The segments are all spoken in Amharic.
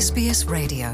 SBS Radio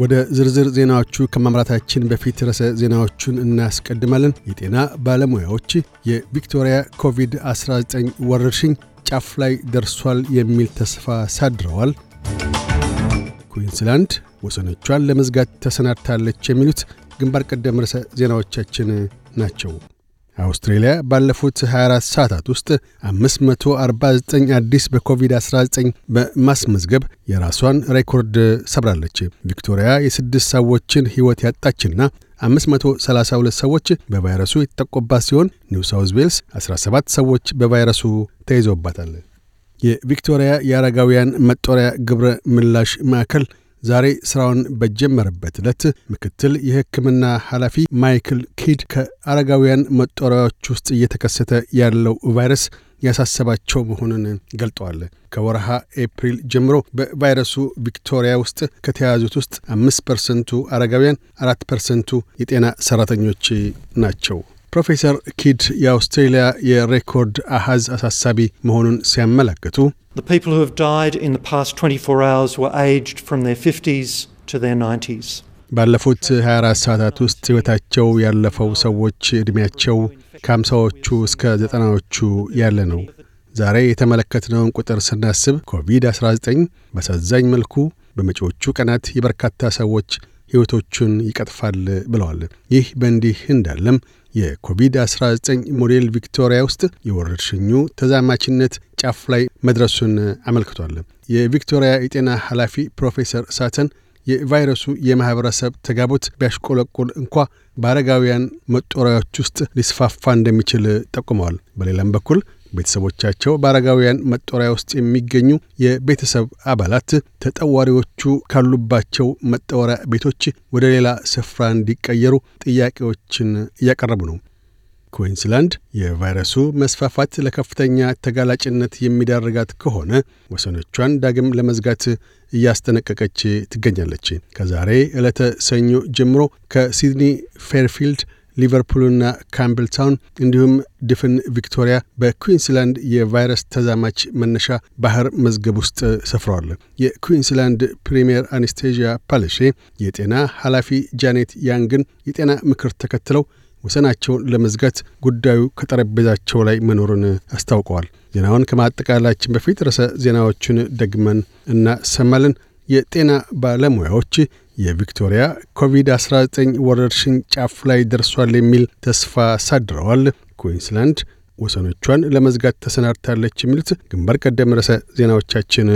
ወደ ዝርዝር ዜናዎቹ ከማምራታችን በፊት ርዕሰ ዜናዎቹን እናስቀድማለን። የጤና ባለሙያዎች የቪክቶሪያ ኮቪድ-19 ወረርሽኝ ጫፍ ላይ ደርሷል የሚል ተስፋ ሳድረዋል። ኩዊንስላንድ ወሰኖቿን ለመዝጋት ተሰናድታለች የሚሉት ግንባር ቀደም ርዕሰ ዜናዎቻችን ናቸው። አውስትሬልያ ባለፉት 24 ሰዓታት ውስጥ 549 አዲስ በኮቪድ-19 በማስመዝገብ የራሷን ሬኮርድ ሰብራለች። ቪክቶሪያ የስድስት ሰዎችን ሕይወት ያጣችና 532 ሰዎች በቫይረሱ የተጠቆባት ሲሆን ኒው ሳውዝ ዌልስ 17 ሰዎች በቫይረሱ ተይዞባታል። የቪክቶሪያ የአረጋውያን መጦሪያ ግብረ ምላሽ ማዕከል ዛሬ ሥራውን በጀመረበት ዕለት ምክትል የሕክምና ኃላፊ ማይክል ኪድ ከአረጋውያን መጦሪያዎች ውስጥ እየተከሰተ ያለው ቫይረስ ያሳሰባቸው መሆኑን ገልጠዋል። ከወረሃ ኤፕሪል ጀምሮ በቫይረሱ ቪክቶሪያ ውስጥ ከተያዙት ውስጥ አምስት ፐርሰንቱ አረጋውያን፣ አራት ፐርሰንቱ የጤና ሠራተኞች ናቸው። ፕሮፌሰር ኪድ የአውስትሬልያ የሬኮርድ አሃዝ አሳሳቢ መሆኑን ሲያመለክቱ ባለፉት 24 ሰዓታት ውስጥ ሕይወታቸው ያለፈው ሰዎች ዕድሜያቸው ከአምሳዎቹ እስከ ዘጠናዎቹ ያለ ነው። ዛሬ የተመለከትነውን ቁጥር ስናስብ ኮቪድ-19 በአሳዛኝ መልኩ በመጪዎቹ ቀናት የበርካታ ሰዎች ሕይወቶቹን ይቀጥፋል ብለዋል። ይህ በእንዲህ እንዳለም የኮቪድ-19 ሞዴል ቪክቶሪያ ውስጥ የወረርሽኙ ተዛማችነት ጫፍ ላይ መድረሱን አመልክቷል። የቪክቶሪያ የጤና ኃላፊ ፕሮፌሰር ሳተን የቫይረሱ የማኅበረሰብ ተጋቦት ቢያሽቆለቁል እንኳ በአረጋውያን መጦሪያዎች ውስጥ ሊስፋፋ እንደሚችል ጠቁመዋል። በሌላም በኩል ቤተሰቦቻቸው በአረጋውያን መጦሪያ ውስጥ የሚገኙ የቤተሰብ አባላት ተጠዋሪዎቹ ካሉባቸው መጠወሪያ ቤቶች ወደ ሌላ ስፍራ እንዲቀየሩ ጥያቄዎችን እያቀረቡ ነው። ኩዊንስላንድ የቫይረሱ መስፋፋት ለከፍተኛ ተጋላጭነት የሚዳርጋት ከሆነ ወሰኖቿን ዳግም ለመዝጋት እያስጠነቀቀች ትገኛለች። ከዛሬ ዕለተ ሰኞ ጀምሮ ከሲድኒ ፌርፊልድ ሊቨርፑልና ካምብልታውን እንዲሁም ድፍን ቪክቶሪያ በኩዊንስላንድ የቫይረስ ተዛማች መነሻ ባህር መዝገብ ውስጥ ሰፍረዋል። የኩዊንስላንድ ፕሪምየር አኔስቴዥያ ፓለሼ የጤና ኃላፊ ጃኔት ያንግን የጤና ምክር ተከትለው ወሰናቸውን ለመዝጋት ጉዳዩ ከጠረጴዛቸው ላይ መኖሩን አስታውቀዋል። ዜናውን ከማጠቃላችን በፊት ርዕሰ ዜናዎቹን ደግመን እናሰማለን። የጤና ባለሙያዎች የቪክቶሪያ ኮቪድ-19 ወረርሽኝ ጫፍ ላይ ደርሷል የሚል ተስፋ አሳድረዋል። ኩዊንስላንድ ወሰኖቿን ለመዝጋት ተሰናድታለች የሚሉት ግንባር ቀደም ርዕሰ ዜናዎቻችን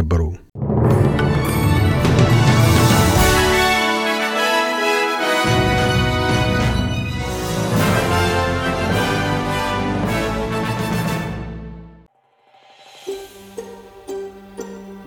ነበሩ።